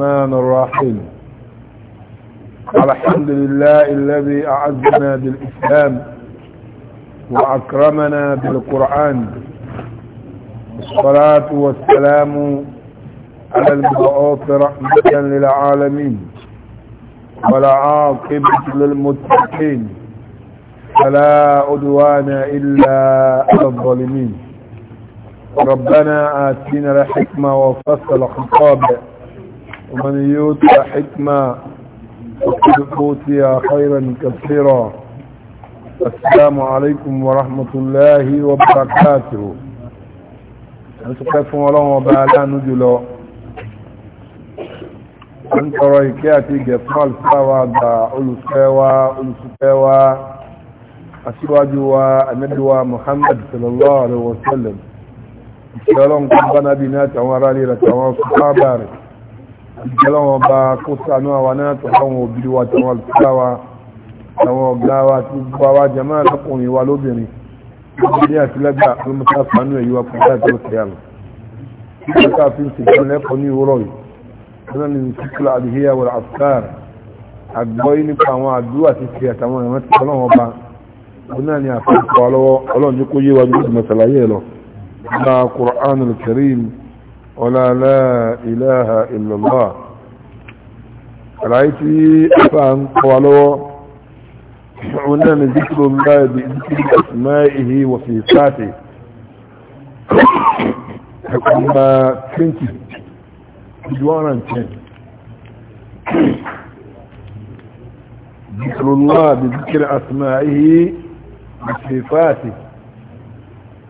الرحمن الرحيم الحمد لله الذي أعزنا بالإسلام وأكرمنا بالقرآن الصلاة والسلام على المبعوث رحمة للعالمين والعاقبة للمتقين فلا أدوان إلا على الظالمين ربنا آتينا الحكمة وفصل خطابه ومن يوتى حكمة فقد أوتي خيرا كثيرا السلام عليكم ورحمة الله وبركاته أنتقفوا الله وبعلا نجلو أنت رأيكياتي جفال سوا دا ألسكوا ألسكوا أسواجوا النبي محمد صلى الله عليه وسلم السلام قبنا بنات عمراني لك وصحابه ìjẹ́lọ́wọ́ bá kó sànú àwa náà tọ́láwọn òbí wa tàwọn alùpùpáwa àwọn ọ̀gá wa tí gbogbo àwa jẹ́mọ́ àlọ́kùnrin wa lóbìnrin ní àtìlẹ́gbà alùmọ́sá sànú èyí wa kò sáà tó ṣe àlọ́ títí ká fi ń ṣèjọ́ lẹ́kọ̀ọ́ ní ìwúrọ̀ yìí ọ̀nà ní kíkúlọ̀ àdìhíyà wọ̀ àfúkàr àgbọ́ yìí nípa àlàyé tí àfà ń kọ́ wa lọ́wọ́ òun náà ni zikiro láì bí zikiro asma'ihi wa sifati ẹ̀kọ́ ma 20 110 ذكر الله بذكر أسمائه بصفاته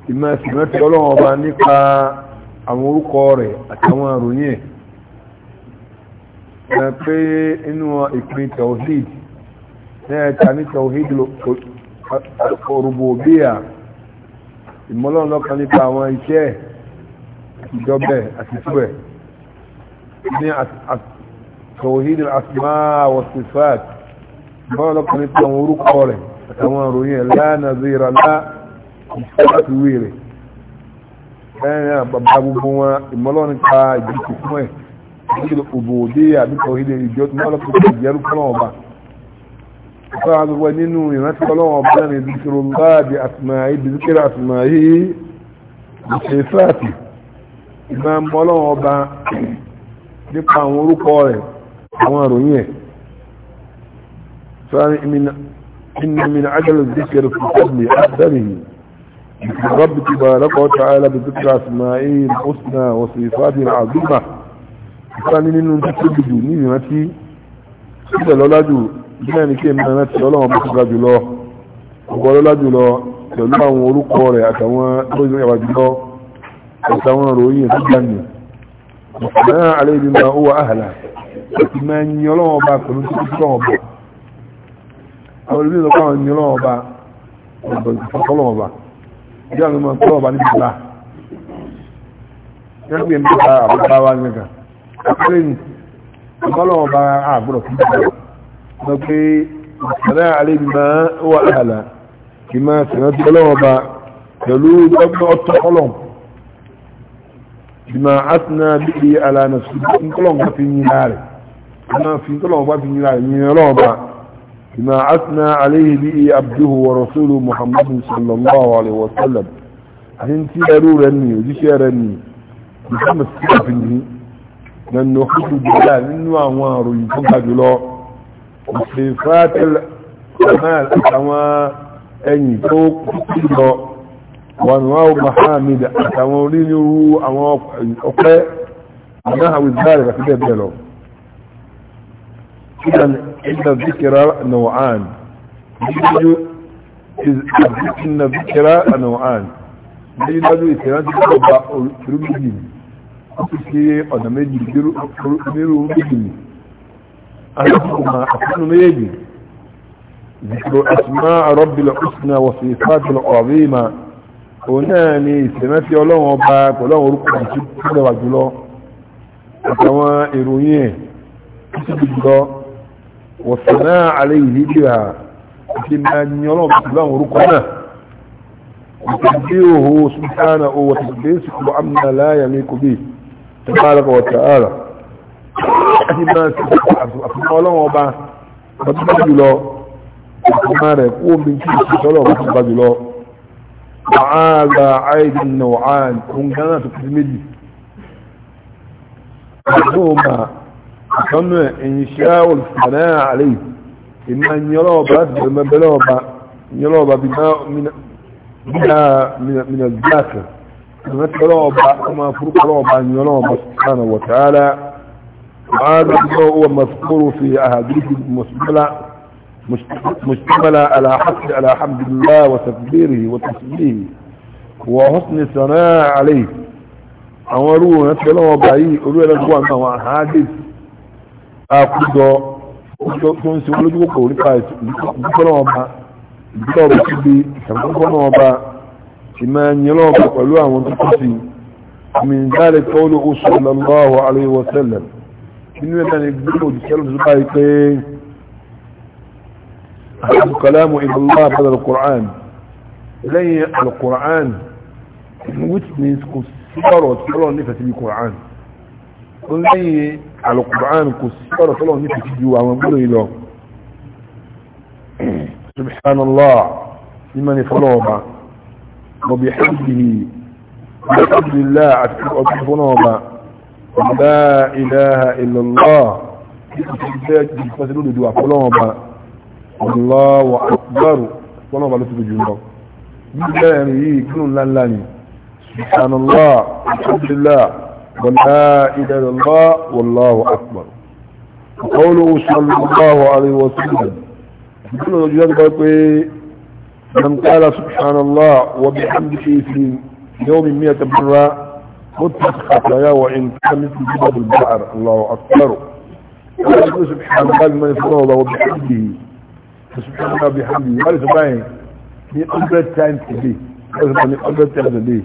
بما سمعت الله وبعنيك أمورك وري أتوارنيه pé inú ìpín tawhid lẹ́ẹ̀ta ní tawhid orubobia ìmọ́lọ́n lọ́kan nípa àwọn iṣẹ́ ìjọbẹ̀ àti ìtúwẹ̀ ní tawhid asma wa sifat ìmọ́lọ́n lọ́kan nípa àwọn orúkọ rẹ̀ àtàwọn ìròyìn la nazira lá ìfẹ́ nítorí òbòdé àbíkọ̀ ilé ìjọ tó lọ́pọ̀ tó jẹ́rú kọ́lọ́ọ̀bá ọ̀pọ̀ àgbẹ̀wẹ̀ nínú ìrántí kọ́lọ́ọ̀bá ní ìdíkìrò láàbí àtìmáyé ìdíkìrò àtìmáyé ìṣẹ́fàtì ìmọ̀ mọ́lọ́ọ̀bá nípa àwọn orúkọ rẹ̀ àwọn àròyìn ẹ̀ sọ́rọ̀ ìmìnà ajẹ́lẹ̀ ìdíkìrò kìtàbí àdárìyìn رب تبارك وتعالى بذكر أسمائه الحسنى وصفاته العظيمة ìfani nínú tó tóbi jù ní ìrántí sílẹ̀ lọ́lá jù bẹ́ẹ̀ ni kí n máa rántí ọlọ́run bó tóbi jù lọ ọgbọ́n lọ́lá jù lọ pẹ̀lú àwọn orúkọ rẹ̀ àtàwọn lóyún ìyàwó jùlọ àtàwọn ròyìn tó gbà ní náà alẹ́ ibi máa ó wà áhàlà àti máa ń yin ọlọ́run ọba pẹ̀lú tó tó tó ọba àwọn olùdíje lọ́kọ́ àwọn yin ọlọ́run ọba ọlọ́run ọba ìdí أقلن قالوا ما عبروا نبي الثناء عليه بما هو أهلا كما سنت قالوا ما يلود أبنى التقلم بما أثنى به على نفسه بما أثنى عليه به عبده ورسوله محمد صلى الله عليه وسلم أنت يرو وجيش رني محمد صلى الله عليه nínú ọkùnrin gbọ́dá nínú àwọn àròyìn tó ga jùlọ òfin fratel kamal àtàwọn ẹ̀yìn tó kú lọ wọnúwáwò mahamid àtàwọn onírúurú àwọn ọpẹ́ àmọ́ àwọn ìgbàlẹ̀ àti bẹ́ẹ̀ bẹ́ẹ̀ lọ إن الذكر نوعان إن الذكر نوعان لأنه إسلام تبقى تربيين wọ́n ti ṣe ọ̀nà méjì nírú méjì ni alákùnmá àfihàn méjì zikro asma arọ́bìlà usna wà sí fàtìlà ọ̀rìmà òun náà ni ìsẹ̀mẹ́fì ọlọ́run ọba pẹ̀lú àwọn orúkọ àti ìpínlẹ̀ wà jùlọ ìròyìn ẹ̀ títí jùlọ wà sí yìí bí wà àti máa ní ọlọ́run pẹ̀lú àwọn orúkọ náà وتنبيهه سبحانه وتقديسه عما لا يليق به tabaraka wa ta'ala àti máa ti àfihàn ọlọ́wọ́n ọba ọdún bá jùlọ ọmọ rẹ̀ kú omi kí ìṣọ́lọ̀ ọdún bá jùlọ wàhálà àìdí nàwàán òun gánà tó kìí méjì ọdún ọba àkànnù ìṣẹ́ olùfàdà àlè ìmá nyọ́lọ́ ọba láti bẹ̀rẹ̀ mẹ́bẹ̀rẹ̀ ọba nyọ́lọ́ ọba bí náà mìnà gbáàkì كما فرق رعبا من الله سبحانه وتعالى الله هو مذكور في أهديث المسملة مشتملة على حسن على حمد الله وتكبيره وتسبيحه وحسن ثناء عليه أمروا نتك الله وبعي أولو إلى الجوع ما هو حادث أقول تنسي ولد وقول لقاء ذكر الله وبا ذكر الله وبا من يلوك قلوها من تقسيم من ذلك قوله صلى الله عليه وسلم إنه لن يقبله بسلم زبايقين أحب كلامه إلى الله بدل القرآن لن يقبل القرآن المتنس كسر أن الله نفسه بالقرآن لن يقبل القرآن كسر وتقول الله نفسه بالقرآن سبحان الله لمن يفعله بعض وبحمده بحمد الله أكبر ونوبة لا إله إلا الله الله أكبر بالله كل سبحان الله الحمد لله ولا إله إلا الله والله أكبر قوله صلى الله عليه وسلم كل من قال سبحان الله وبحمده في يوم مئة مرة متت خطايا وإن كان مثل جبل البحر الله أكبر قال سبحان الله من الله وبحمده فسبحان الله بحمده قال سبحانه من أمر التايم تبيه قال سبحانه من قبل التايم تبيه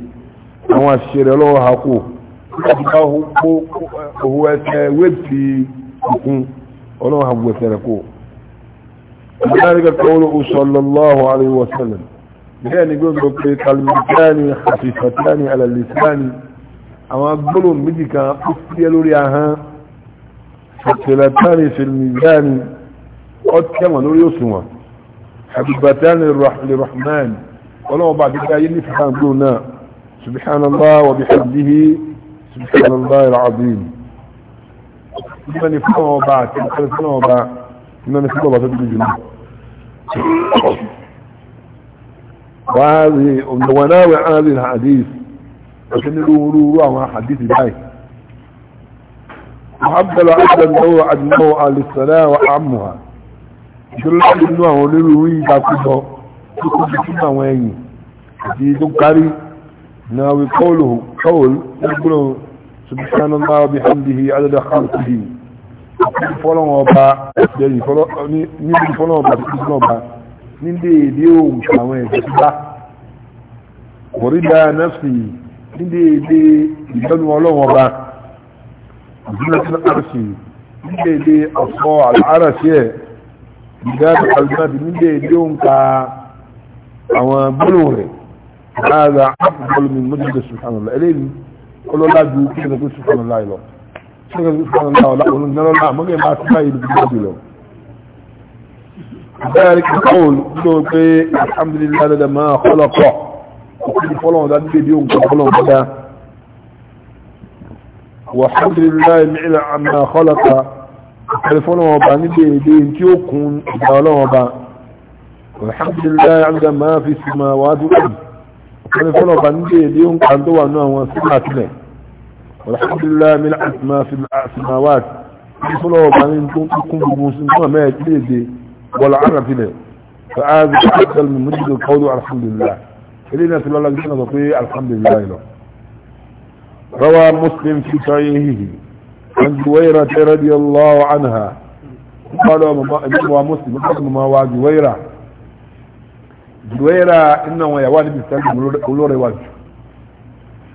هو الشير له حقوه هو هو ويب في حقوه ولو هو سرقوه وذلك قوله صلى الله عليه وسلم يعني يقول لك كلمتان خفيفتان على اللسان اما أقول مدك افيلوا لها ثقيلتان في الميزان قد كما نور يسمى حبيبتان للرحمن ولو بعد كاين نفهم دون سبحان الله وبحمده سبحان الله العظيم من يفهم وبعد من نفهم وبعد من نفهم وبعد من نفهم وبعد وهذه وناوي هذه الحديث لكن الورور وما حديث باي وحبل عبدا هو عدنه على الصلاة وعمها يقول لك انه هو للوي تاكده تكون بسنة وين في دكاري ناوي قوله قول يقول سبحان الله بحمده عدد خلقه fọ́lọ́wọ́ ọba ẹ̀sìdẹ̀yìn níbi fọ́lọ́wọ́ ọba títí ọba ní déédé ohun àwọn ẹ̀sẹ̀ tó bá bọ̀rídà nẹ́fì ní déédé ìjọ́nu ọlọ́wọ́ ọba ìjọ́nu àrùsì ní déédé ọ̀fọ́ àrùsì ẹ̀ ìdájọ́ àlùmáàdì ní déédé ohun ka àwọn gbólóhùn rẹ̀ láàrín àpòpọ̀lùmí mọ́tò subhanallah eléyìí ọlọ́lá ju kí ẹ̀sẹ̀ pé subhanallah lọ sọ́kẹ́ sọ́kẹ́ náà ọ̀la òun náà lọ́la àmọ́ kẹ́kẹ́ bá ti báyìí lóbi lóbi lọ. Bẹ́ẹ̀ni kí Paul ló pé alhamdulillah dada máa kọ́lọ́kọ́ òkúti fọ́lọ́wọ́n dá dídé bí òun kọ́ fọ́lọ́wọ́n kọ́ dá. Wàhálùmílá ìmìlá àmà kọ́lọ́kọ́ òkúti fọ́lọ́wọ́n ọba níbi èdè tí ó kún ìgbà ọlọ́wọ́n ọba. Wàhálùmílá àmà máa fi sùnmọ́ wàá dúró. Òkúti fọ́lọ́wọ́n ọba níbi èdè ó ń kà ń tó wà náà wọn sí والحمد لله من ما في السماوات يصلوا بعدين تكون بموسم ما يجلدي ولا عرف له فهذا أفضل من مجد القول الحمد لله إلينا في الله عليه وسلم الحمد لله له روى مسلم في صحيحه عن جويرة رضي الله عنها قال هو مسلم قال ما هو جويرة جويرة إنه يوالي بسلم ولو رواجه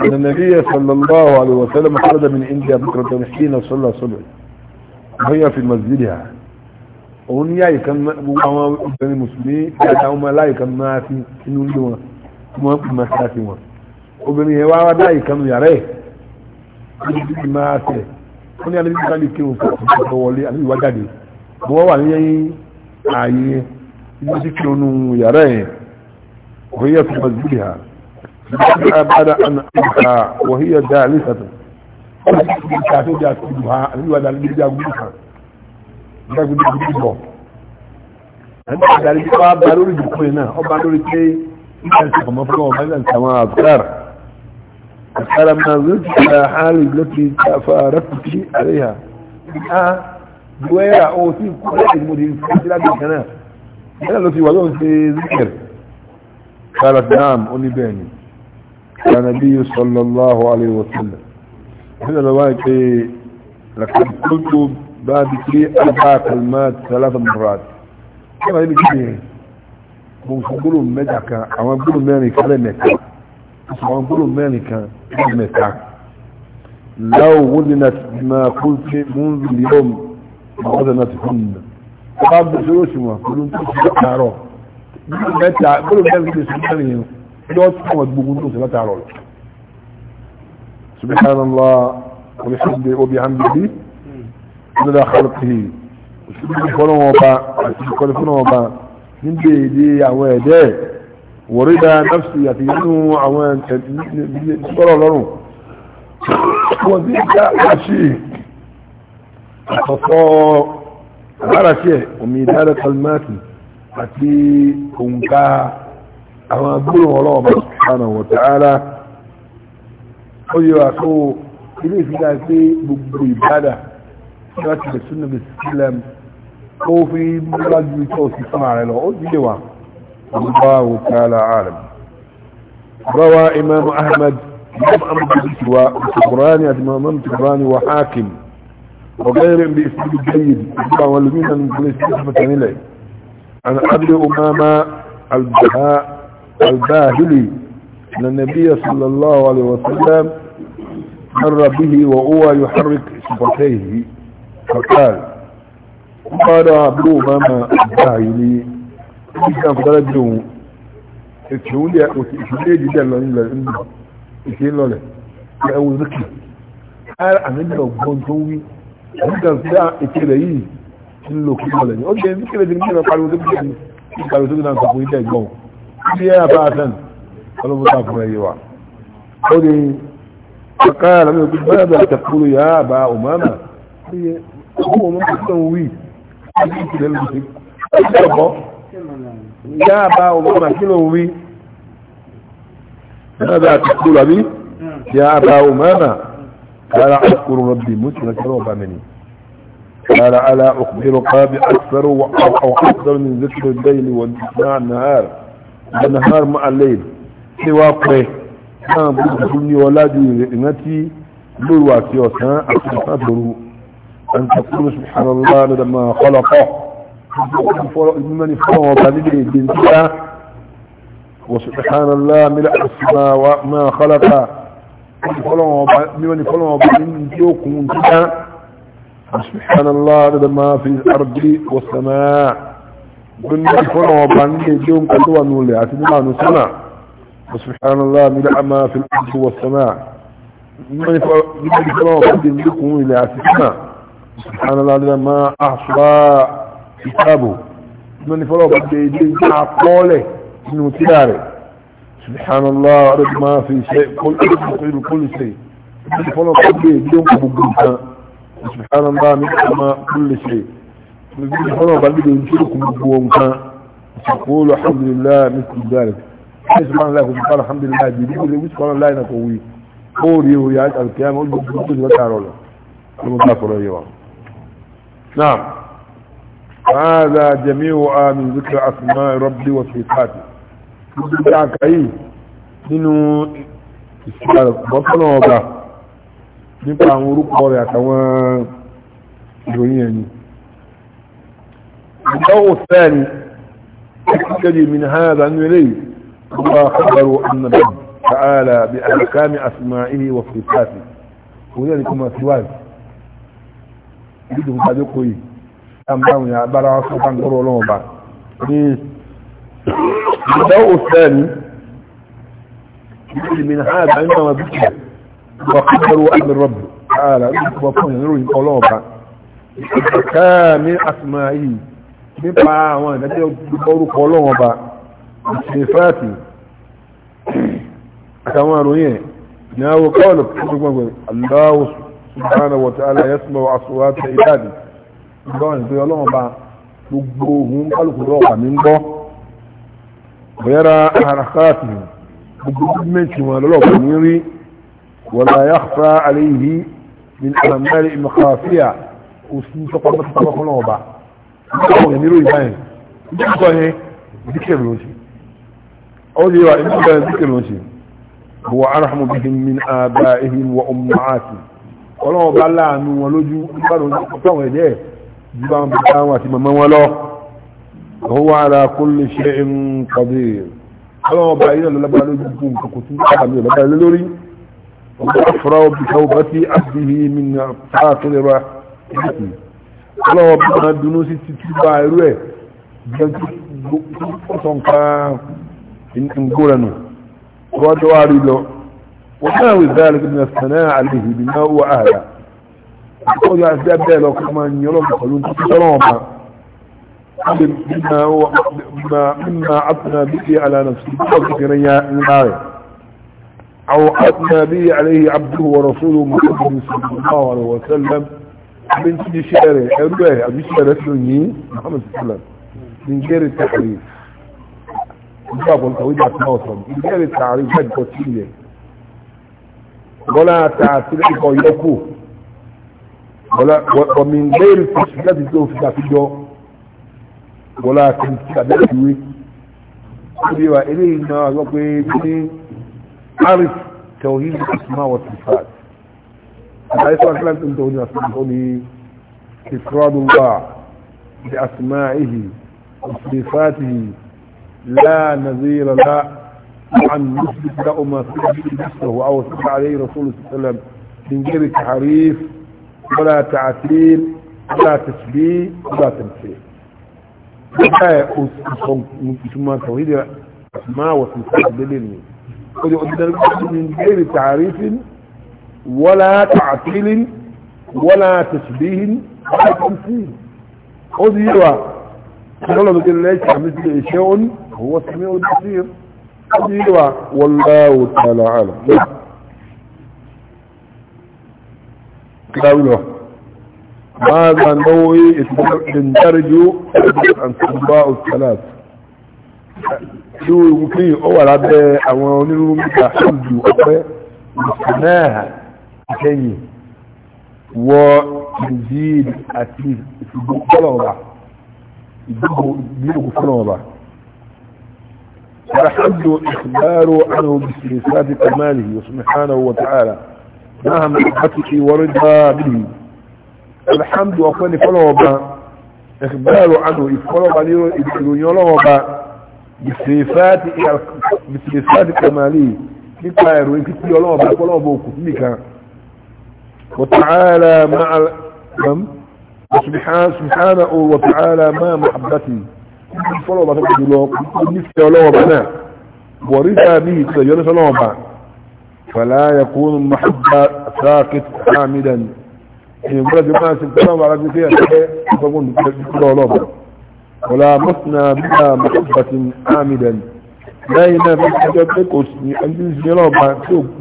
أن النبي صلى الله عليه وسلم خرج من إنديا بكرة حين صلى صلى وهي في مسجدها òun yá ìkan àwọn obìnrin mùsùlùmí àti àwọn ọmọ aláìkan máa fi inú ilé wọn wọn kò máa ṣáàtì wọn obìnrin yẹn wá wá dá ìkan yàrá ẹ níbi tí máa tẹ wọn ní alẹ́bí káàdì kí wọn fọwọ́ fọwọ́ wọlé àti ìwà jáde wọn wà ní ààyè ibi tí kí wọn nù yàrá ẹ òun yẹ fún ọmọ ìdílé ha بعد أن أنهى وهي جالسة كاتو جا تجوها أنه ودا لدي جا قلوها جا قلوها قلوها أو ضروري كي ينسى مفروع بين السماء أذكار أذكار ما زلت على حالي التي تفارقت عليها آه دويرة أو تي كل المدير في الكلام أنا لو في وضعه في ذكر قالت نعم أني بيني النبي صلى الله عليه وسلم هنا لوايك لقد قلت بعد لي أربع كلمات ثلاث مرات كما يلي كده بنقولوا مدكا أو بنقولوا ماني كلمة أو بنقولوا ماني كلمة لو وزنت ما قلت منذ اليوم ما وزنتهن قبل شروش ما قلوا انتوا تعرفوا قلوا ماني كلمة yóò tí wọ́n gbogbo ní oṣù látàrọ̀ rẹ̀ subhanallah alhamdi obi hamdibi nílá khalqihi òṣìṣẹ́ ìfọ́nà wọn bá àti ìkọ́ni fún wọn bá níbi èdè àwọn ẹ̀dẹ́ wọ̀rídà nafsi àti nínú àwọn ìṣọ́rọ̀ lọ́rùn wọ́n ti dá àṣì àtọ̀sọ́ àbáraṣẹ́ omi ìdárẹ́ kalmati àti òǹkà أما أقول الله سبحانه وتعالى قل يواكو إليه في ذاتي ببري بادة شراتي بسنة بالسلم أو في مراج بيتوسي صنع على الله تعالى عالم روى إمام أحمد يوم أمد بسواء وسكراني أدمامان تكراني وحاكم وغير بإسلام الجيد وقال والمين أن يكون إسلام تنيلي أنا أبي أمام البهاء الباهلي أن النبي صلى الله عليه وسلم مر به وهو يحرك شفتيه فقال قال أبو ماما الباهلي كان فرجه اتشولي اتشولي جدا لأنه لأنه ìṣẹ́lọ rẹ̀ ẹwọ zikì ara àmìlẹ̀ ọgbọ́n tó wí nígbàtà ìkẹrẹ yìí ń lò kí lọ́lẹ̀ ní ó jẹ́ ìkẹrẹ ti ní ìrọ̀ pariwo tó kí ní ìpariwo tó kí náà sọ fún ilẹ̀ ìgbọ́n يا باتا قالوا بطاف ريوا أيوة. قولي فقال ماذا تقول يا أبا أمامة هو من يا أبا أمامة ماذا تقول أبي يا أبا أمامة قال أذكر ربي مثل كروب مني قال ألا أخبرك بأكثر واكثر من ذكر الليل والنهار النهار النهار مع الليل سوى قوي كان بدي ولادي إنتي لواتي وسان أكتفر أن تقول سبحان الله لما خلقه من فوق لدي بنتها وسبحان الله ملء السماء وما خلق من فلان من يوكم سبحان الله لما في الأرض والسماء gbogbo ìfọ́nà ọba nílé ilé oúnjẹ tó wà ní olè àti nínú àánú sánà subhana allah nílé àmà fi lóṣù wọ sánà nígbà ìfọ́nà ọba ti ní kún ilé àti sánà subhana allah nílé àmà àṣùwà ìtààbò nígbà ìfọ́nà ọba ti ilé ìjà àkọọ́lẹ̀ nínú tíra rẹ̀ subhana allah rẹ̀ máa fi ṣe kólú kólú ṣe nígbà ìfọ́nà oúnjẹ gbogbo nǹkan subhana àmà kólú ṣe نقول حرام قلبي ينشركم بوانكا تقول الحمد لله مثل ذلك سبحان الله قال الحمد لله جديد اللي سبحان الله نقوي قولي ويا القيامة والبطل وتعالى المضافر أيضا نعم هذا جميع من ذكر أسماء ربي وصفاته ذكرك أي nínú ìsìnkàbọ́sọ́nà ọba nípa àwọn orúkọ rẹ̀ يا ìròyìn ẹ̀yìn النوع الثاني يحتجي من هذا إليه هو خبروا أن الرب تعالى بأحكام أسمائه وصفاته وذلك ما سواه يجب أن يقول أمام يا برا سبحان الله بعد النوع الثاني يحتجي من هذا عندما ذكر وخبروا أن الرب تعالى يجب أن يقول أمام الله بأحكام أسمائه nípa àwọn ìdájọ́ orúkọ ọlọ́wọ́n ọba ìṣẹ́fẹ́àtì àtàwọn àròyìn ẹ̀ ní àwọn kọ́ọ̀lù gbogbogbò Allahu subhanahu wa ta'ala yasma wa aswata ibadi gbọ́n ìpé ọlọ́wọ́n ọba gbogbo ohun kálukú lọ́wọ́ àwọn ènìyàn ló ìbáyẹn ìjọba sọ yẹn zikir ló ń ṣe ó lè wà ìjọba sọ yẹn zikir ló ń ṣe wà arahamu bihim min abaihim wa ummahati ọlọ́wọ́ bá láàánú wọn lójú ìbára ọjọ́ àwọn ẹ̀dẹ́ ju bá ń bá wọn àti màmá wọn lọ àwọn wà ara kulli shay'in qadir ọlọ́wọ́ bá yíyàn lọ́lábàá lójú fún nǹkan kò tún bá mi lọ́lábàá lé lórí ọgbà fúra ọbì káwọ́ bá sí àbíhí mi nà fáà tó lè ra ìdíkì ọlọ́wọ́ bí wọ́n dunú sí títí bá irú ẹ̀ gbọ́tọ̀ nǹkan ìgbóra nù rọ́jọ́ wá rí lọ wọ́n náà wí dáàlì kí nìyà sànà àlejò bí náà wà áàrà wọ́n yóò àti abẹ́ lọ kó máa yọ lọ́gbọ̀n pẹ̀lú tó tọ́rọ̀ ọ̀ma mímà àtúnà bí i àlànà sí ọ̀gbọ̀n kékeré yá ńlá rẹ̀ أو أتنا به عليه عبده ورسوله محمد صلى الله عليه وسلم abin tí di ṣe rẹ̀ ẹrú ẹ̀ àbí ṣe rẹ̀ tó yí muhammad sallam ní gẹ́rẹ̀ tààrí ìjọ àbọ̀nkà wíjà àti náà sọ̀rọ̀ ní gẹ́rẹ̀ tààrí gbẹ́gbọ́ sí ilẹ̀ bọ́lá tààtí lẹ́kọ̀ọ́ yọkù ọ̀mí gẹ́rẹ̀ tààrí láti tó fi àfijọ́ bọ́lá tààtí àbẹ́sìwé níbi wa eléyìí náà wọ́n pé kí ní arif tawhid asma wa sifat عليه الصلاة والسلام كنت أقول إفراد الله بأسمائه وصفاته لا نظير لا عن يثبت له ما سبب نفسه أو سبب عليه رسول الله صلى الله عليه وسلم من غير تحريف ولا تعتيل ولا تشبيه ولا تمثيل لا ثم توحيد أسماء وصفات دليل من غير تعريف ولا تعطيل ولا تشبيه ولا تمثيل خذ يوا قالوا بقول ليس مثل شيء هو سميع البصير خذ يوا والله تعالى اعلم قالوا هذا نوع يندرج عن سباء الثلاث شو يمكن أول عبد أو مثل حمد وأبي مسناها àtẹ̀yìn wọ ìdíyìí àti ìfìgbò fọlọ ọba ìdígbò ìdígbò fọlọ ọba فحد إخباره عنه باستنسات كماله سبحانه وتعالى نعم حقك ورضا به الحمد وفن فلوبا اخبار عنه يفلوبا يلوبا بصفات بصفات كمالي نكايرو انك تلوبا فلوبا وكتنكا وتعالى مع نعم. سبحانه وتعالى ما محبتي فلو ما تبدو نفسي ورثا به تجلس له فلا يكون المحبة ساكت حامدا ولا مثنى بها محبة حامدا لا ينافي تجلس لك وسني أنجز جلوبا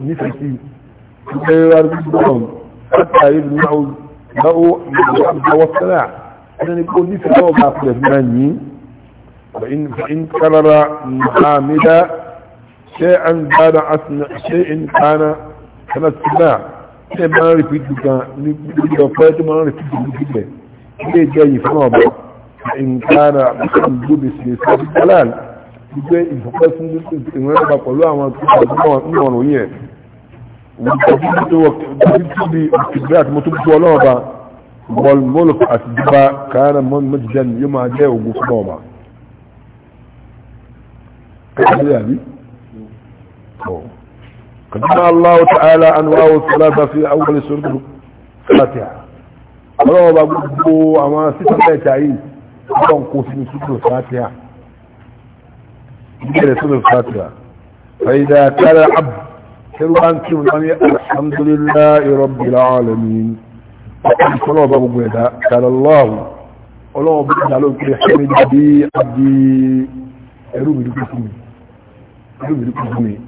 نفسي تجلس حتى يجمعوا له الحمد والثناء أنا نقول لي في الأوضاع في الأثناني فإن, فإن كرر محامدا شيئا كان أثناء شيء كان كان الثناء شيء ما نعرف يدك نقول ما نعرف يدك ليه جاي في الأوضاع فإن كان الحمد بسيسة الدلال يجي إن فقط سنجد إن ربك الله ما تقول الله ما تقول وكبرات متبت ولوبا والملك أتجبا كان مجدا يما جاء وقصدوما كيف يعني قدنا الله تعالى أنواع الصلاة في أول سورة الفاتحة الله قلبوا أما ستة بيتعين أبا نقوسين سورة الفاتحة سورة الفاتحة فإذا كان العبد كربان كربان الحمد لله رب العالمين صلى الله عليه قال الله الله بيدا على كل حمد بي عبدي اروبي دكومي اروبي دكومي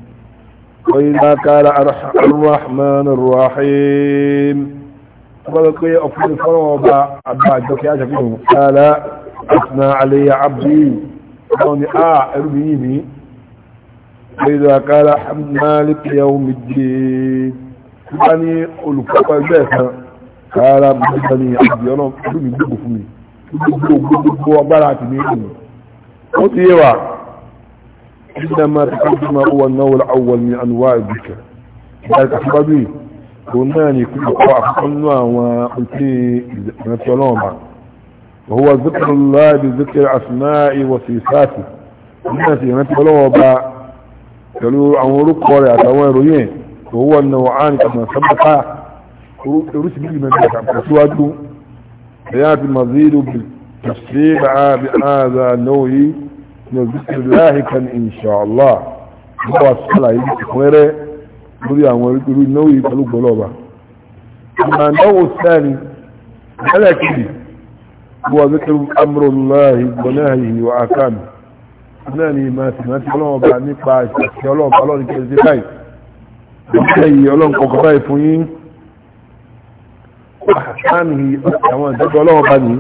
وإذا قال الرحمن الرحيم فلك أفضل فرما أبا جوك يا شكيهم قال أثنى علي عبدي قالوا آه اروبيني فإذا قال مالك يوم الدين يعني olùkọ́pọ̀ ẹgbẹ́ ẹ̀sán kára bíbá ni àbíọ́ náà tó ní gbogbo fún mi gbogbo gbogbo agbára àti ní ìlú ó ti yé wa nígbà máa ti ká bí máa wọn náà wọlé àwọn ní ànúwà ìbìkẹ́ ìgbà ìkàsíwájú yìí tó náà ní kí ọkọ̀ àkọ́kọ́ nínú àwọn òkè ìrántí ọlọ́run bá wọ́n wá zikr láàbì zikr asmáì wọ́n sáàtì nígbà tí ìrántí ọlọ́run bá pẹ̀lú àwọn orúkọ rẹ̀ àtàwọn ìròyìn ẹ̀ tó wọ́n na wọ́n án kàmọ̀ sábàtà orúsì bí ìmọ̀ ìjọba kò síwájú ẹ̀yà àti mazidu bi tafsir àbí àzà náwòyí ní òbísí láàyè kan inṣàlá wọ́n wá sọ́là yìí ìpínrẹ́ lórí àwọn orí náwòyí pẹ̀lú gbọ́lọ́ba àmà náà ni ìmọ̀ àti ìrántí ọlọ́ọ̀bá nípa ìṣàkí ọlọ́ọ̀bá ọlọ́run kẹrìndé báyìí ìṣẹ́ yìí ọlọ́run kọ̀ọ̀kan báyìí fún yín àkáàmì àwọn ìdájọ́ ọlọ́ọ̀bá ní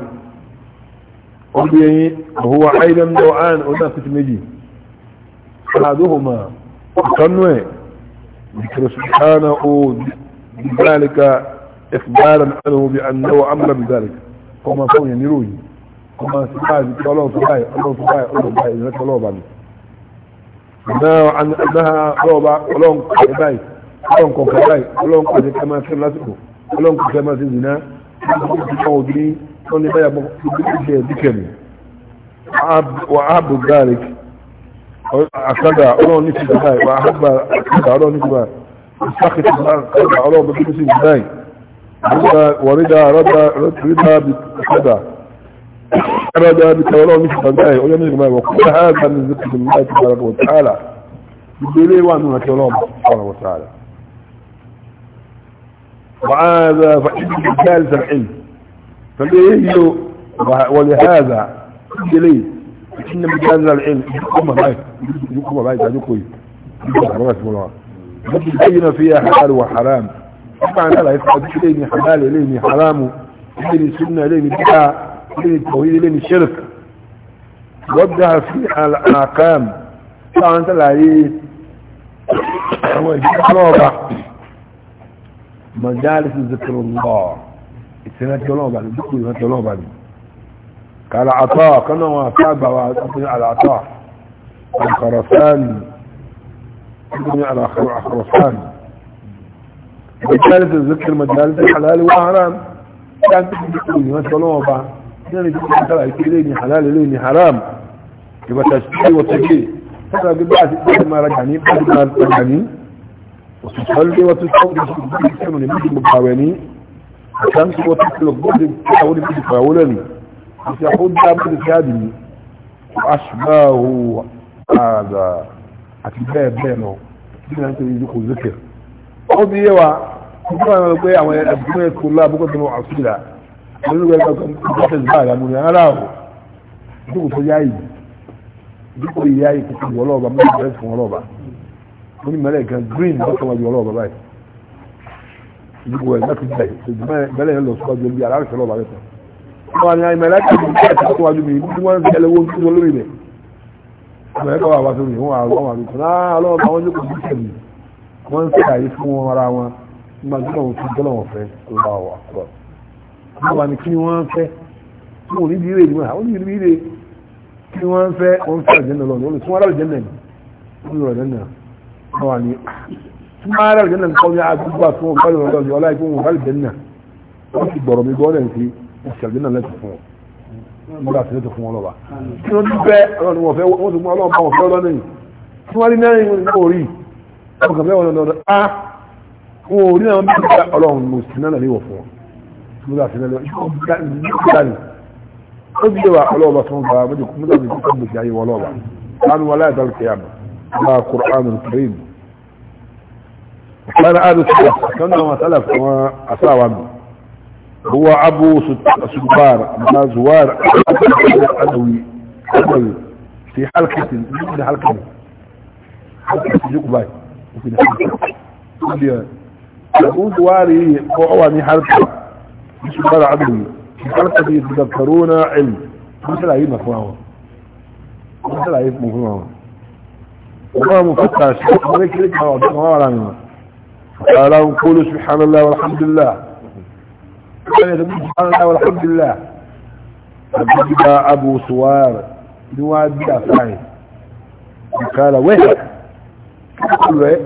ọdún yẹn àhúwa aidan lọ àrùn ọdún àti méjì àdóhùnmá ìkanú ẹ̀ ìkìrìsìtánà ó bìbálìkà ìfìbára náà ó bí àná ọmọ sí báyìí ọlọ́run fún báyìí ọlọ́run fún báyìí ọlọ́run báyìí ìrẹ́tọ́ ọlọ́run bá mi. náà ọlọ́run kọ̀ọ̀kẹ́ báyìí ọlọ́run kọ̀ọ̀kẹ́ báyìí ọlọ́run kọ̀ọ̀kẹ́ kẹ́ máa fẹ́ lásìkò ọlọ́run kọ̀ọ̀kẹ́ máa ti zìnà ọlọ́run obìnrin wọn ni báyà bọ́kẹ́ dìkẹ́ mi. wà á bù garlic àkàdà ọlọ́run ní fìdí báyìí wà á bà àkàdà ọlọ́run ní fìdí báyìí ìsákìtì àkàdà ọlọ́run bẹ́ẹ̀ أبدا بتولوا مش فضائي ولا من غير وكل هذا من ذكر الله تبارك وتعالى بدليل وأنه تولوا سبحانه وتعالى وهذا فإن ثالث العلم فليه ولهذا بدليل إن مجال العلم يقوم بايت يقوم بايت يقوم بايت يقوم فيها حلال وحرام طبعا لا يفقد إليه حلال إليه حرام إليه سنة إليه بدعة لين التوحيد من الشرك وضع في الاحكام طبعا انت العيد هو الرابع مجالس ذكر الله السنة جلوبة الذكر السنة جلوبة قال عطاء كان هو أصاب وفابة على عطاء الخرسان على خرسان مجالس ذكر مجالس الحلال وحرام كانت تذكر السنة جلوبة يعني دي ترى ليه حلال ليه حرام يبقى تشبيه وتشبيه ترى بعد ما رجعني بعد ما رجعني وتصلي وتصلي كانوا يمشي مقاوني عشان وتطلق بعد تحاول تحاولني ياخد دم زيادني واشباه هذا اتباع بينه كده انت يدخل ذكر قضيه wa kuma na gbe àwọn ẹgbẹ́ kula bukotu wa asila olórí ẹgbẹ́ ìgbésẹ̀ bá àrà múlẹ̀ ara ò dúkù tó yá yìí dúkù yìí yá yìí kò fún ọlọ́ọ̀bà mú ìbẹ̀rẹ̀ fún ọlọ́ọ̀bà ó ní mẹ́lẹ̀ gan green ló sọ́wọ́jú ọlọ́ọ̀bà báyìí dúkù ẹ̀ lọ́kì bẹ̀ mẹ́lẹ̀ yẹn lọ sọ́wọ́jú bí ara ìṣẹ̀lọ́ọ̀bà rẹ̀ tán. wọ́n ní àyìnbẹ̀ láti ibi tí ẹ̀ka sọ́wọ́jú mi bí wọ́n fi ẹlẹ́wọ́ ń tó lórí rẹ̀ ọmọ ẹ̀ka wà wá sórí wọn àwọn àmì kan náà ọlọ́ọ̀bà wọn jókòó sí ẹ̀mí wọ́n ń ṣàyè fún ara wọn nígbà tí wọ́n fi wọ́n wà ní kí ni wọ́n fẹ́ tí wọ́n níbi ire ìlú àwọn níbi ire kí ni wọ́n fẹ́ wọ́n fẹ́ àjẹ́nà lọ́nà wọ́n lè tún ara àjẹ́nà ni wọ́n lè rọ̀jẹ́ náà wọ́n wà ní tún ara àjẹ́nà nǹkan ní agbègbè àti wọn bá lè rọ̀jẹ́ ní ọlá ìfowópamọ́ bá lè jẹ́ náà wọ́n ti gbọ̀rọ̀ mi gbọ́dọ̀ ní ti àjẹ́nà lẹ́tọ̀ fún wọn nígbà tí ó fún wọn kí wọ́n tún ọlọ́run wọn wọ́n tún mú ọlọ́run bá wọn ọlọ́run yìí tí wọ́n rí mẹ́rin wọn kò rí ọkàn fẹ́ wọn lọ́dọ̀ á ah, wọn ò rí àwọn bí ọlọ́run mo sì náà lè wọ̀ fún wọn múlá sí lẹ́lọ ìgbàlì ó bí wà ọlọ́ọ̀bá tó ń gba méjì kú múlá sí kúkọ́ gbèsè ayé ọlọ́ọ̀bá láàánú wa láì dálùkẹ́ yàmà bá kùránù kìrìm ọ̀pára àdó sílẹ̀ kan náà wọn sálà fún wọn asáwa mi هو أبو سبار ما زوار أدوي أدوي في حلقة من حلقة حلقة جوكباي وفي حلقة يقول زواري هو أواني حلقة مش مبارا عدل الحلقة دي تذكرون علم مش العيب مفهوم مش العيب مفهوم وما مفتح الشيخ مريك لك ما ولا قالوا قولوا سبحان الله والحمد لله قال سبحان الله والحمد لله فبدأ أبو سوار نواد بلا فاين فقال ويحك فقال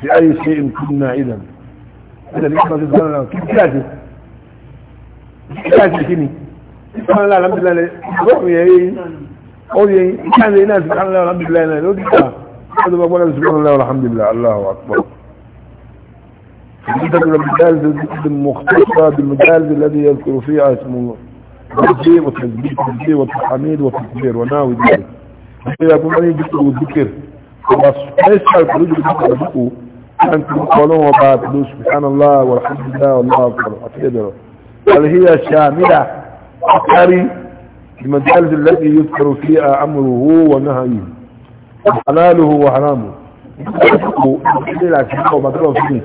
في أي شيء كنا إذا إذا ليس ما تتكلم كيف تأتي láti kí ni ìfànà lára lábìlẹ̀ المجالس المختصة بالمجالس الذي يذكر فيها اسم الله التسبيح والتسبيح والتسبيح والتحميد وناوي ذلك يقول أني ذكر والذكر وصفيسال قلوب الذكر ذكر أنت تقولون وبعد سبحان الله والحمد لله والله أكبر أتدرك بل هي شاملة أكثر المجالس الذي يذكر فيها أمره ونهيه وحلاله وحرامه إليه العكسية ومدرسة فيه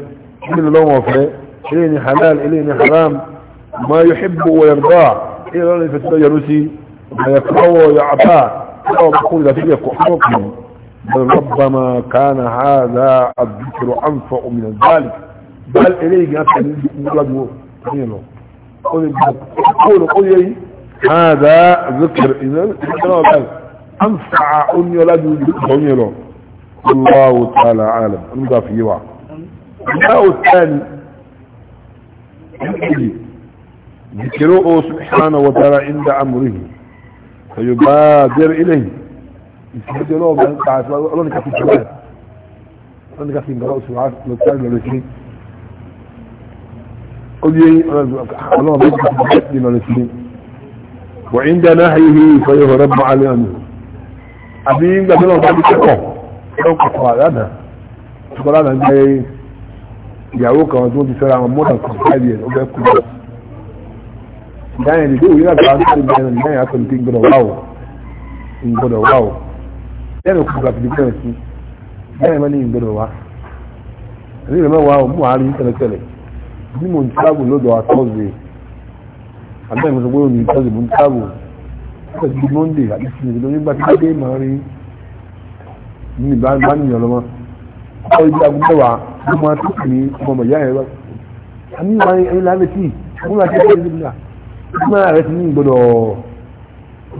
إليه اللهم وفيه إليه حلال إليه حرام ما يحب ويرضى إليه الله يفتح يرسي يكره ويعطى أو بقول لفيه حكم بل ربما كان هذا الذكر أنفع من ذلك بل إليه الله قول قول قل يلي هذا ذكر إذن أنفع أني ولا أني له الله تعالى عالم أنقى في يوع النوع الثاني ذكره سبحانه وتعالى عند أمره فيبادر إليه يسجد له بأن تعالى الله نكفي الجبال الله نكفي الجبال سبحانه وتعالى قل الله بيتك من الاسلام وعند نهيه فيهرب عليه أبين قبل الله بيتك ọkọ̀ àdádà ṣùgbọ́n gbé ìyàwó kan tó ti fẹ́ra wọn mọ́tà kan five years ó fẹ́ kú lọ. ìdáyẹn ìdílé òye àgbà ń tẹ̀lé ìdáyẹn ìdáyẹn àtọ̀ nítorí gbọ́dọ̀ wá o gbọ́dọ̀ wá o lẹ́nu kò gbà bí mo ń tábù lọ́dọ̀ àtọ́sí àbẹ́ ìmọ̀ sọ pé òní ìtọ́sí mo ń tábù lọ́dọ̀ sí monday àti sinmi lórí nígbà tí wọ́n dé máa rí ní ìbá nìyàn lọ́mọ ọ̀ ibi agbẹ́wà ló máa tó kì ní ọmọ ọmọ ìyá ẹ̀rọ àmì ìwà ẹni lábẹ́ tí wọ́n máa tẹ́lẹ̀ ní ìgbà tí máa rẹ̀ ti ní ìgbọ́dọ̀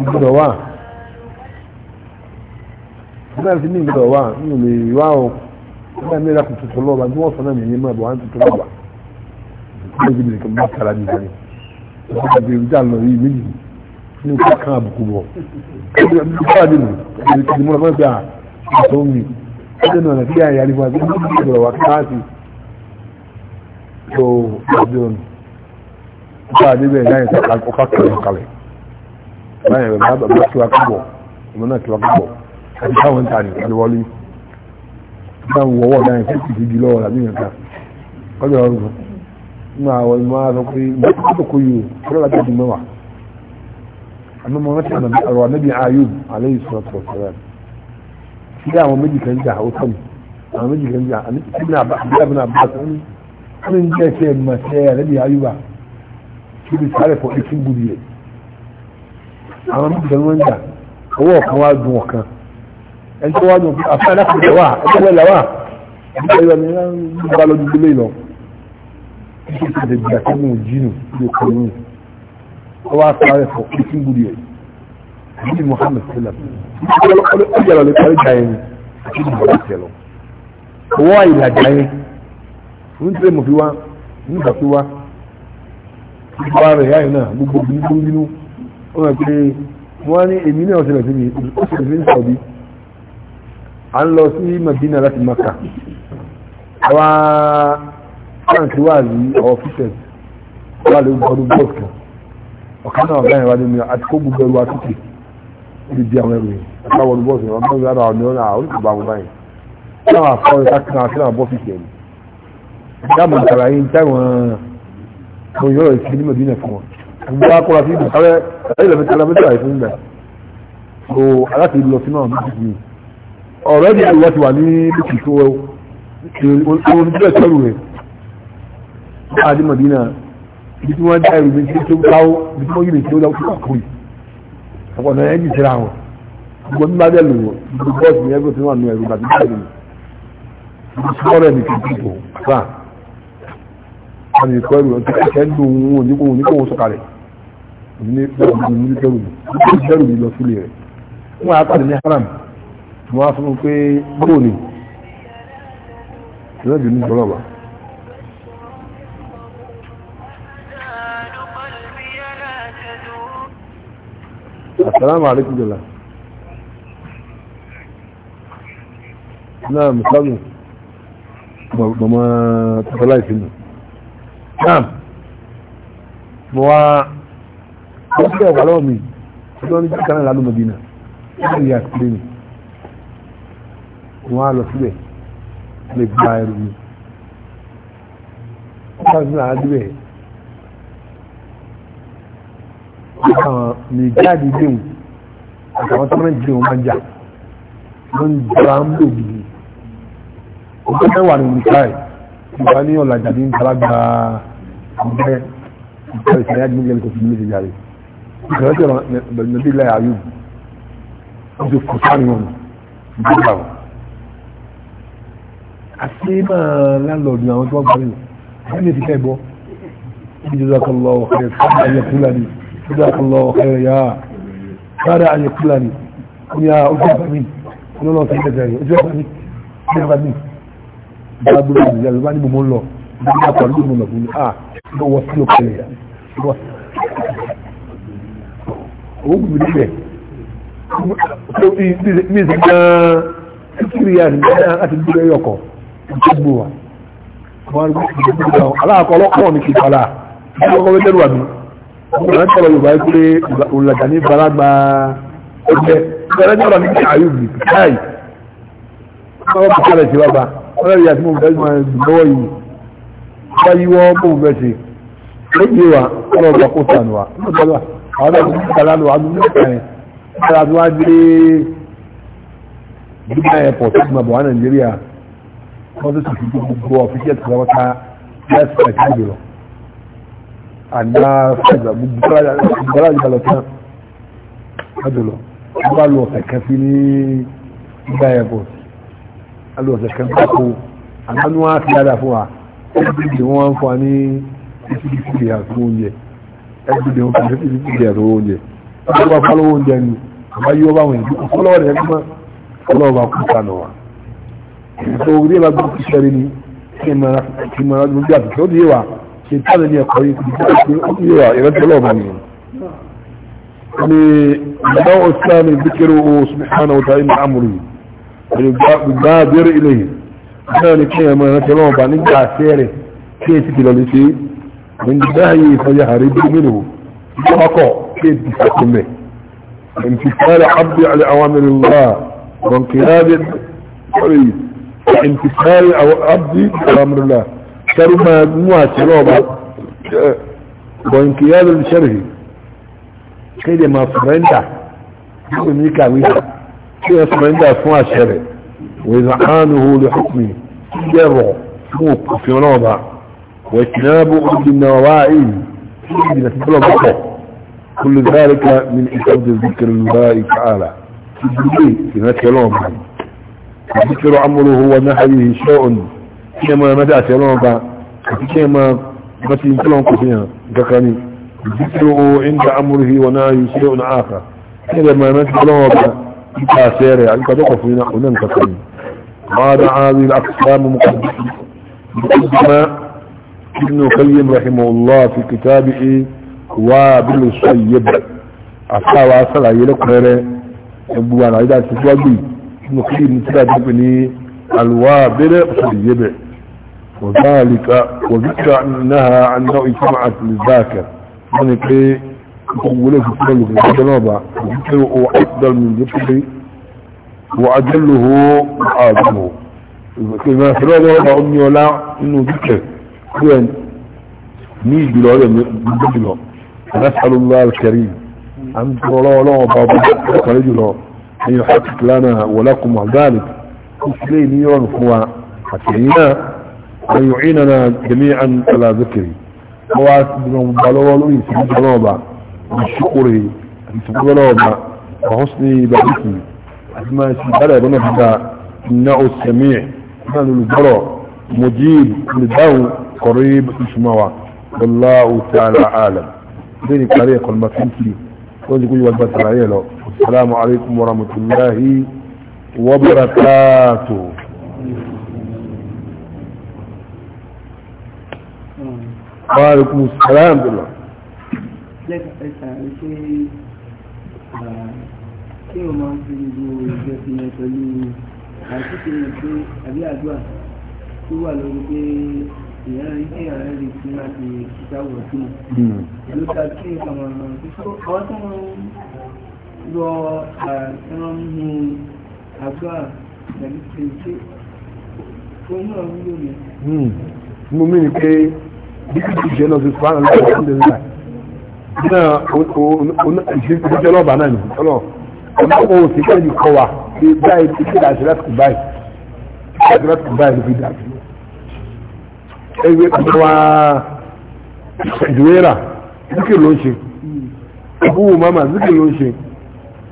ìgbọ́dọ̀ wà nígbà tí ní ìgbọ́dọ̀ wà ní òlè ìwà ọ̀ nígbà mẹ́ra kò tuntun lọ́ba tí wọ́n sọ méjì lè kàn bá kára mi sẹ́yìn wọ́n bá bẹ̀rù dá lọ yìí méjì ní kó kán àbùkù bọ̀ ẹni tó bá dìbò ẹni tó dìbò lọ́gbọ́n gbé à àtọ́ mi ẹni náà kí àyà ni wọ́n ti ní ìbọ̀rọ̀ wá káàsì tó ọjọ́ nù ọjọ́ àdébẹ̀ láyé ọkà kẹrin kalẹ̀ láyé rẹ̀ bá bàbá kí wá kúbọ̀ ọmọ náà kí wá kúbọ̀ àti táwọn ta ni àdéwọlé táwọn wọ́wọ́ náà fún ìdíjì lọ́wọ́ làbí yẹn ká ọjọ́ ọ̀rùn máa wọ ìmọ̀ àrùn pé bẹ́ẹ̀ kò yìí kúrò láti ọdún mẹ́wàá àmọ́ mo rántí ọ̀rọ̀ anábì ayub alayhi salatu wa salam sí àwọn méjì kan jà ó tọ́mù àwọn méjì kan jà àbí àbúrò àbúrò sọ́ni wọ́n ń jẹ́ ṣe mọ̀ ṣe anábì ayuba kí ni sáré fọ etí gbùdì yẹ àwọn méjì kan wọ́n jà owó ọ̀kan wá dùn ọ̀kan ẹni tó wá dùn àfẹ́ alákùnrin wà ẹgbẹ́ wẹ̀ làwà àbí ayuba ni wọ́n ń gbá lọ́dún gbélé lọ kíkẹ́ ti dẹ̀gbà tó mú jínú ló kọ́ ní ọ wá sáré fọ kíkí gbúdí ẹ̀ àbí Muhammad sallam ó yàrá lè parí jà yẹn àti ìdìbò láti ẹ lọ owó àyè àjà ń tẹ́ mọ̀ fi wá nígbà fi wá gbogbo ara ìyá náà gbogbo gbogbo nínú ó rẹ̀ pé wọ́n ní èmi náà ṣẹlẹ̀ sí mi ó sì fi ń sọ bí à ń lọ sí Madina láti Maka àwa frank wà ní ọ̀ fífẹ̀s wà lórí ọdún bọ́ọ̀sì kan ọ̀kan náà ọ̀gá ìwádìí mi àti kó gbogbo ẹrù àtúntì ó lè di àwọn ẹrù yìí ọ̀gá wọlé bọ́ọ̀sì wọn bọ́ọ̀sì lára ọ̀nà ọ̀nà àwọn olùkọ́ àwọn báyìí táwọn afọ́rẹ́ kákínà àti náà bọ́ọ̀sì kẹ̀ ní dáàmú ìtara yìí táwọn mo yọrọ ìsìn ní mọ̀dínà fún wọn àgbà akọ́ra sí ìgbàkálẹ̀ ayélujára ìfún ìgbà so aláti lọ sínú àwọn méjì yìí ọ̀rẹ́dì àlùwà ti wà ní méjì tó wọ́n ti bẹ̀rẹ̀ sọ́rù rẹ̀ àdé Madina ibi tí wọ́n dá ẹrù mi tí ó káwó ibi tí wọ́n yìí lè tí ó dáwó kíkà kúrì ọ̀pọ̀ náà ẹ̀jì síra wọn gbogbo mímá dẹ̀ lò wọ́n gbogbo bọ́ọ̀sì ní ẹgbẹ́ tí wọ́n nù ẹrù bàbí báyìí ni ibi tí wọ́n rẹ̀ ní kìkì tó fà á ní ìkọ́ ẹrù ọ̀tí ẹ̀kẹ́ ń dùn òun òní kóhun níkóhun sọ̀kalẹ̀ òní ní ọ̀gbìn ní kẹrù mi ó ti kẹrù mi ní haram السلام عليكم جل نعم سلام ماما تطلعي فينا نعم موا ọjọ́ ìwàlọ́ mi tí wọ́n ní jẹ́ kanáà lánàá mọ̀dínà wọ́n yà sílé mi wọ́n á lọ sílẹ̀ lè gba ẹrù mi wọ́n á sílẹ̀ àádúrẹ̀ ní jáde déhùn àtàwọn tó máa ń jẹun máa ń jà wọ́n ń jọra ń lò gidi ọjọ́ mẹ́wàá ni nìkan ẹ̀ ìgbà ní ọ̀làjà ní ìgbàlagbà ọ̀gbẹ́ ìgbà ìsàlẹ̀ àdínlẹ̀ kò fi lè jàre ìgbà tí ọ̀rọ̀ nàbí ilẹ̀ ayú ó ti kò sáré wọn ìgbàgbà wọn. àti máa lálọ́ọ̀dù àwọn tó wọ́n gbà lẹ́yìn wọ́n lè fi kẹ́ ìjọba kan lọ ọ̀kẹ́ fún sára ayé fúlàní ní a ojú àbámi olóòlò tó ilẹ̀ jẹ́rì ojú àbámi ojú àbámi gbàgbúrò ìyá ló bá ní gbogbo ń lọ ní àpò àdúgbò mọ̀ lọ́gbọ́n a ló wọ sí òkèlè yà wọ́ owó gbogbo níbẹ̀ ní ìsìn gan síkìrì ọ̀rọ̀ ẹ̀kọ́ yorùbá yìí pé òlàjà ní balagba ẹgbẹ́ ọ̀rẹ́ ní ọ̀rọ̀ ní kí ayé òbí káì ọ̀rọ̀ bùkà rẹ̀ ṣe wá bá ọ̀rẹ́ rẹ̀ àti mọ̀mọ́ ẹ̀sìn máa dùn lọ́wọ́ yìí wá yí wọ́ mọ̀mọ́ bẹ́ẹ̀ ṣe lẹ́yìn wa ọ̀rọ̀ ọ̀gbà kó sànù wa àwọn ọ̀rọ̀ ní kàlá lọ àwọn ọmọ ẹ̀ka yẹn ọ̀rọ̀ àti wá dé dúbà airport tó máa bọ̀ nàìjíríà wọ́n tó sì fi gbogbo ọ̀fíṣẹ́ àdá fẹ́gbà gbogbo alájọba tán adùlọ wọ́n bá lọ ọ̀sẹ̀ kan ní ìgbà airport a lọ ọ̀sẹ̀ kan pápó àmánú wá sí dáadáa fún wa ẹgbẹ́gbẹ́ wọn wọ́n fún wa ní ìfìdífìdí àtúwò oúnjẹ ẹgbẹ́gbẹ́ wọn fún ìfìdífìdí àtúwò oúnjẹ wọ́n bá fọ́lọ́wọ́ oúnjẹ ni àbá yíwọ́ bá ìtàlẹ̀ ní ẹ̀kọ́ yìí ìwà ìrẹ́tọ́lọ́ọ̀bà ni ni ìgbà òsìlámi zikiru o subhanahu wa ta'ala amuru gbogbo abẹ́rẹ́ ilé yìí náà ni kí ẹ̀mọ́ ìrẹ́tọ́lọ́ọ̀bà nígbà àṣẹ́rẹ̀ kí èsì kìlọ̀ lè ṣe ní gbígbá yìí ìfọyà àrí bí mílò lọ́kọ̀ kí èsì sàkúnmẹ̀ امتثال عبد على اوامر الله وانقياد امتثال عبد على امر الله أكثر ما مواسع روبا وانقياد الشرهي كيدي ما فرندا ميكا ميكا كيدي فرندا فما شره وإذعانه لحكمه جره فوق في روبا واتناب عبد النوائي كيدي نتبلغ كل ذلك من إسعود الذكر المبارك تعالى كيدي في نتلوم ذكر عمره ونحيه شوء كما مدأت يا روبا كتكي ما بسي انتلون كتنيا جاكاني يسلعوا عند عمره ونا يسلعون آخر كذا ما نسي انتلون وكتنيا إتا سيري عليك دوك فينا ونن كتنيا بعد هذه الأقسام مقدسة بكتنا ابن قيم رحمه الله في كتابه وابل الصيب أصلا وأصلا يلقى أبوان عيدا سيسوا بي ابن قيم نتلا دبني الوابل الصيب وذلك وذكر انها عن نوع سمعة للذاكر يعني كي يقول في كل جنوبة الذكر هو افضل من ذكره واجله واعظمه كما فرغ ربع امي ولا انه ذكر ميز ميج من ذكره نسأل الله الكريم أن ترى الله الله بابا رجله أن يحقق لنا ولكم ذلك كل يوم هو حكينا أن يعيننا جميعا على ذكره ذكري واسبنا مبالوه سبحان الله بشكره سبحان الله وحسن عبادته أسماء سبحان الله بنا إنه السميع من البراء مجيب لدعو قريب اسمه والله تعالى عالم دين طريق المسلمين وذكر والبس العيلة السلام عليكم ورحمة الله وبركاته Wàhálùkù sàlám bìlọ̀. Kí o máa ń fi gbogbo ìjọ fi yẹn pẹ̀lú àtúnṣe yẹn pé àbí àdúrà tó wà lórí pé ìyá rí kí ààrẹ rí fún láti ìjáwọ̀ sí i. Hmm. Ló ta kí nǹkan máa ń fi kó àwọn tó máa ń lọ àìsàn mú àdúrà tàbí kí n ṣe. Òun náà wúlò ní. Mo mí ni pé jẹ́ lọ sí sùpárà lọ́wọ́ ọ̀hún lè rí náà ìṣẹ́jọ́ lọ́ba náà ní ọlọ́ ọmọ ọmọ òsì kẹ́ ní kọwà bí báyìí ti kéde àṣẹ láti báyìí àṣẹ láti báyìí ló fi dà sí. ẹgbẹ́ wa ìdúwẹ́rà zikir ló ń ṣe àbúrò mama zikir ló ń ṣe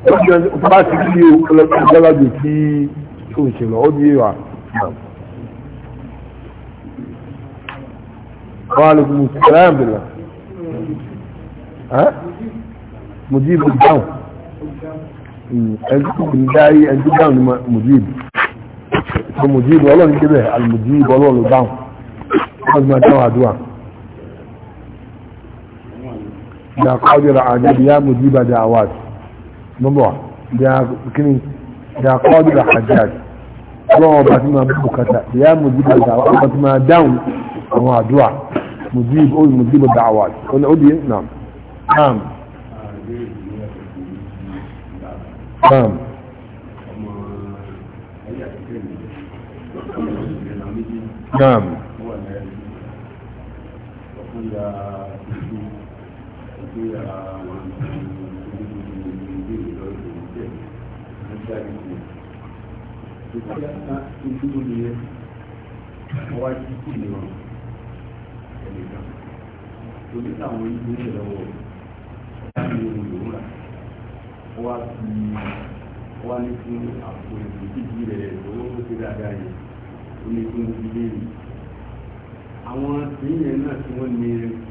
wọ́n ti bá ti kí o lọ́gbàgbé tí o ń ṣe lọ́ọ́ bí wà. وعليكم السلام بالله ها مجيب الدعوة انتم داعي انتم دعوة مجيب المجيب والله انتبه المجيب والله الدعوة قد ما دعوة دعوة يا قادر عجب يا مجيب دعوات ممنوع يا كني يا قادر حجاج الله ما بكتا يا مجيب دعوات ما دعوة ما دعوة مجيب قول مجيب الدعوات قول عودي نعم نعم نعم نعم Thank you. ẹnìkan torí táwọn ibi ń lọ́wọ́ láti ohun lòún rà wá sí wá ní fún àpò ètò ìdí rẹ̀ lọ́wọ́ ó ti dáadáa yẹn ó ní fún ilé rẹ̀ àwọn tìǹyẹn náà tí wọ́n ní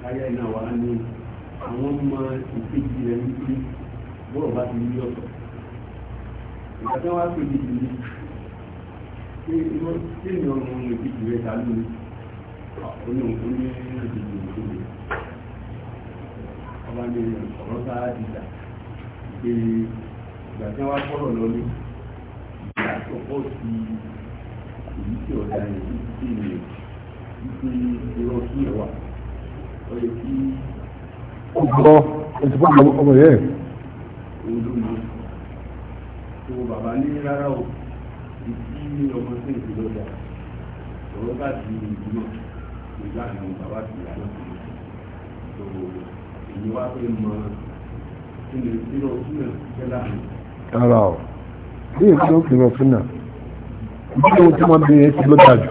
ayé náà wá ní àwọn ọmọ ìkejì rẹ̀ ń pín bọ́ọ̀ bá ti rí ọ̀tọ̀ ìgbà tí wọ́n á pè é ìdílé kí ni ọmọ ìkejì rẹ̀ ta lónìí ọba ọ̀rọ̀ bá ti rè jùlọ ìlú àdìmọ̀ bàbá ti yà lọ tó èyí wá pé mọ kí ni nínú súnà jẹ́ láàrin. rárá o bí èyí ló fi hàn súnà bí ohun tí wọ́n bí yẹn ti ló dà jù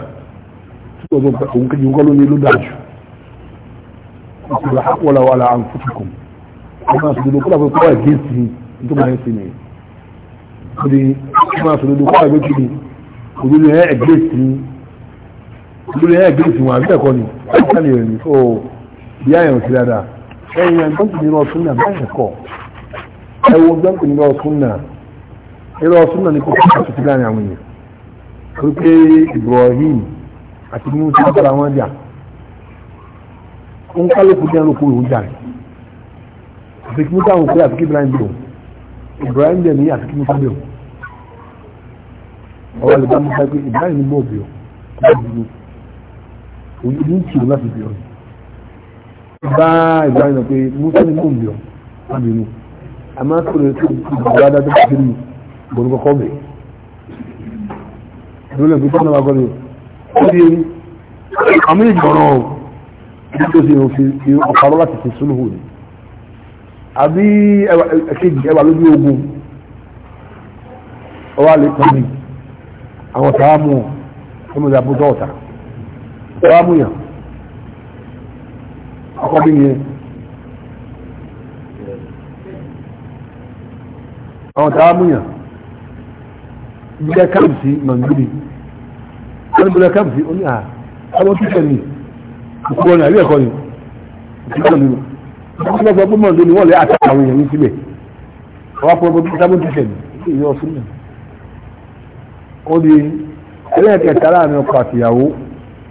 tí wọ́n bọ̀ òun kejì ńkọ́ ló ní ló dà jù ìṣòro àpọ̀lọ̀ wà láà ń fúnfún wọ́n máa sọ̀rọ̀ kó làbọ̀ kó wà gẹ̀ẹ́sì tó máa ń sin nìyẹn. Kò máa sọ̀rọ̀ kó wà gẹ̀ẹ́sì òdòdó ẹ̀ gẹ̀ẹ́sì lórí ẹ̀ gírísì wọn àbí ẹ̀kọ́ ni ẹ̀kọ́ ni ẹ̀rìn so bí i àyàn sí dáadáa ẹ̀yìn àgbọ̀nkù ní ọ̀sùn náà bá ẹ̀kọ́ ẹ̀wọ̀ gbọ̀nkù ní ọ̀sùn náà ẹ̀rọ ọ̀sùn náà ni kò kí àti sílá ní àwọn èèyàn torí pé Ibrahim àti ní oṣù tó wọn jà ń kálukú ní ẹrùkú òun jà àti kí Musa òun pé àti kí Ibrahim bẹ̀rù Ibrahim bẹ̀rù ní àti kí Musa bẹ̀rù ọ̀rọ̀ ìbámu sáré Ibrahim ní bọ̀ọ̀bù yọ ojú tì ó láti bìọ́ bá ìgbàlejò pé musa ni mò ń bìọ́ láti inú àmọ́ kò lè tó ìgbà dáadáa tó kiri ìbọn kọ́kọ́ bẹ̀ ìrọ̀lẹ́ pé tọ́nà wàgọ́ ni ó di ewu àmì ìgbọ̀nà ọ̀ ní tó ṣe òfin ọ̀parọ́ láti ṣe sólùhù ni àbí ẹ̀kejì ẹwà lójú ogun ọwọ́ àlè kan ní àwọn tààmù ọmọdé abúlé ọ̀tá wá múyàn ọkọ̀ bí yẹn àwọn tàwa múyàn bílẹ̀ káàpùsì mọ̀ngbìlì wọ́n bílẹ̀ káàpùsì ó ní à ọmọ títẹ̀ ní ìkú ọ̀nà àbí ẹ̀kọ́ ni ìkú nínú wọ́n sọ pé mọ̀ngbìlì wọ́n lè àtàwọn èèyàn ní síbẹ̀ wọ́n pọ̀ bọ́ sábọ́n títẹ̀ ní ìyọ́ fún mi ọkọ̀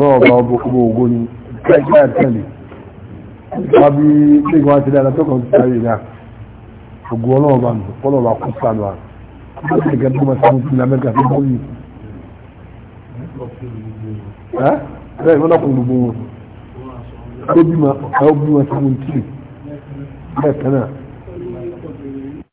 lọ́wọ́ bá ọbọ̀ ọgbọ̀ ògo ni kẹ́kẹ́ àtẹ́lẹ̀ tàbí kíkọ́ àti dáadáa tó kàn ti sáré náà ògo ọlọ́wọ́ bá nù kọ́lọ́ bá kú sànù àná ó sì gẹ́gẹ́ bí wọ́n ti mú sí ní amẹ́ríkà tó bọ́ yìí. ẹ́ bẹ́ẹ̀ wọ́n lọ́kùn gbogbo wọn ó bímọ ẹ̀ ó bímọ sí